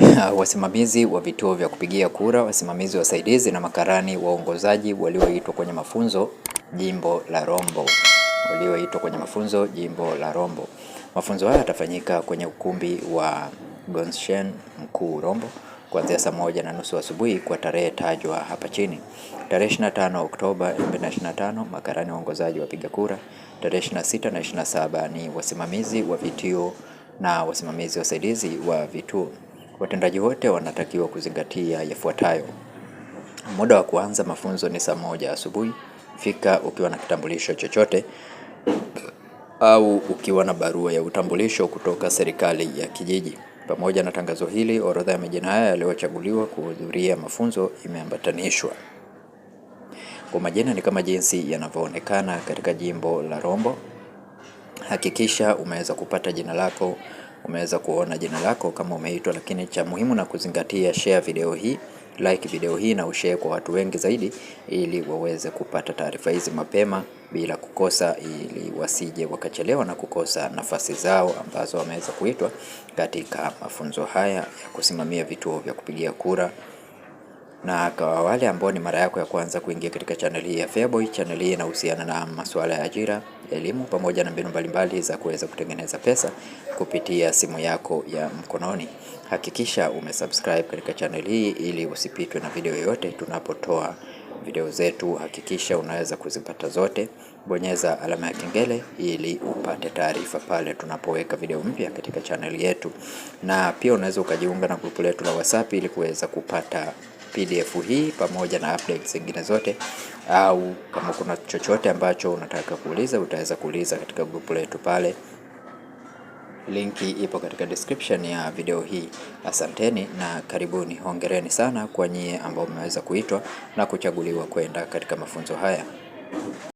wasimamizi wa vituo vya kupigia kura, wasimamizi wasaidizi na makarani waongozaji walioitwa kwenye mafunzo jimbo la Rombo, walioitwa kwenye mafunzo jimbo la Rombo. Mafunzo haya yatafanyika kwenye ukumbi wa Gonshen Mkuu Rombo kuanzia saa moja na nusu asubuhi kwa tarehe tajwa hapa chini. Tarehe 25 Oktoba 2025 makarani waongozaji wapiga kura. Tarehe 26 na 27 ni wasimamizi wa vituo na wasimamizi wasaidizi wa vituo. Watendaji wote wanatakiwa kuzingatia yafuatayo: muda wa kuanza mafunzo ni saa moja asubuhi. Fika ukiwa na kitambulisho chochote au ukiwa na barua ya utambulisho kutoka serikali ya kijiji. Pamoja na tangazo hili, orodha ya majina haya yaliyochaguliwa kuhudhuria mafunzo imeambatanishwa kwa majina ni kama jinsi yanavyoonekana katika jimbo la Rombo. Hakikisha umeweza kupata jina lako umeweza kuona jina lako kama umeitwa, lakini cha muhimu na kuzingatia, share video hii, like video hii na ushare kwa watu wengi zaidi, ili waweze kupata taarifa hizi mapema bila kukosa, ili wasije wakachelewa na kukosa nafasi zao ambazo wameweza kuitwa katika mafunzo haya ya kusimamia vituo vya kupigia kura. Na kwa wale ambao ni mara yako ya kwanza kuingia katika channel hii ya Feaboy, channel hii inahusiana na masuala ya ajira elimu pamoja na mbinu mbalimbali za kuweza kutengeneza pesa kupitia simu yako ya mkononi. Hakikisha umesubscribe katika channel hii ili usipitwe na video yoyote tunapotoa video zetu. Hakikisha unaweza kuzipata zote. Bonyeza alama ya kengele ili upate taarifa pale tunapoweka video mpya katika channel yetu, na pia unaweza ukajiunga na grupu letu la WhatsApp ili kuweza kupata PDF hii pamoja na updates zingine zote au kama kuna chochote ambacho unataka kuuliza utaweza kuuliza katika grupu letu pale. Linki ipo katika description ya video hii. Asanteni na karibuni. Hongereni sana kwa nyie ambao mmeweza kuitwa na kuchaguliwa kwenda katika mafunzo haya.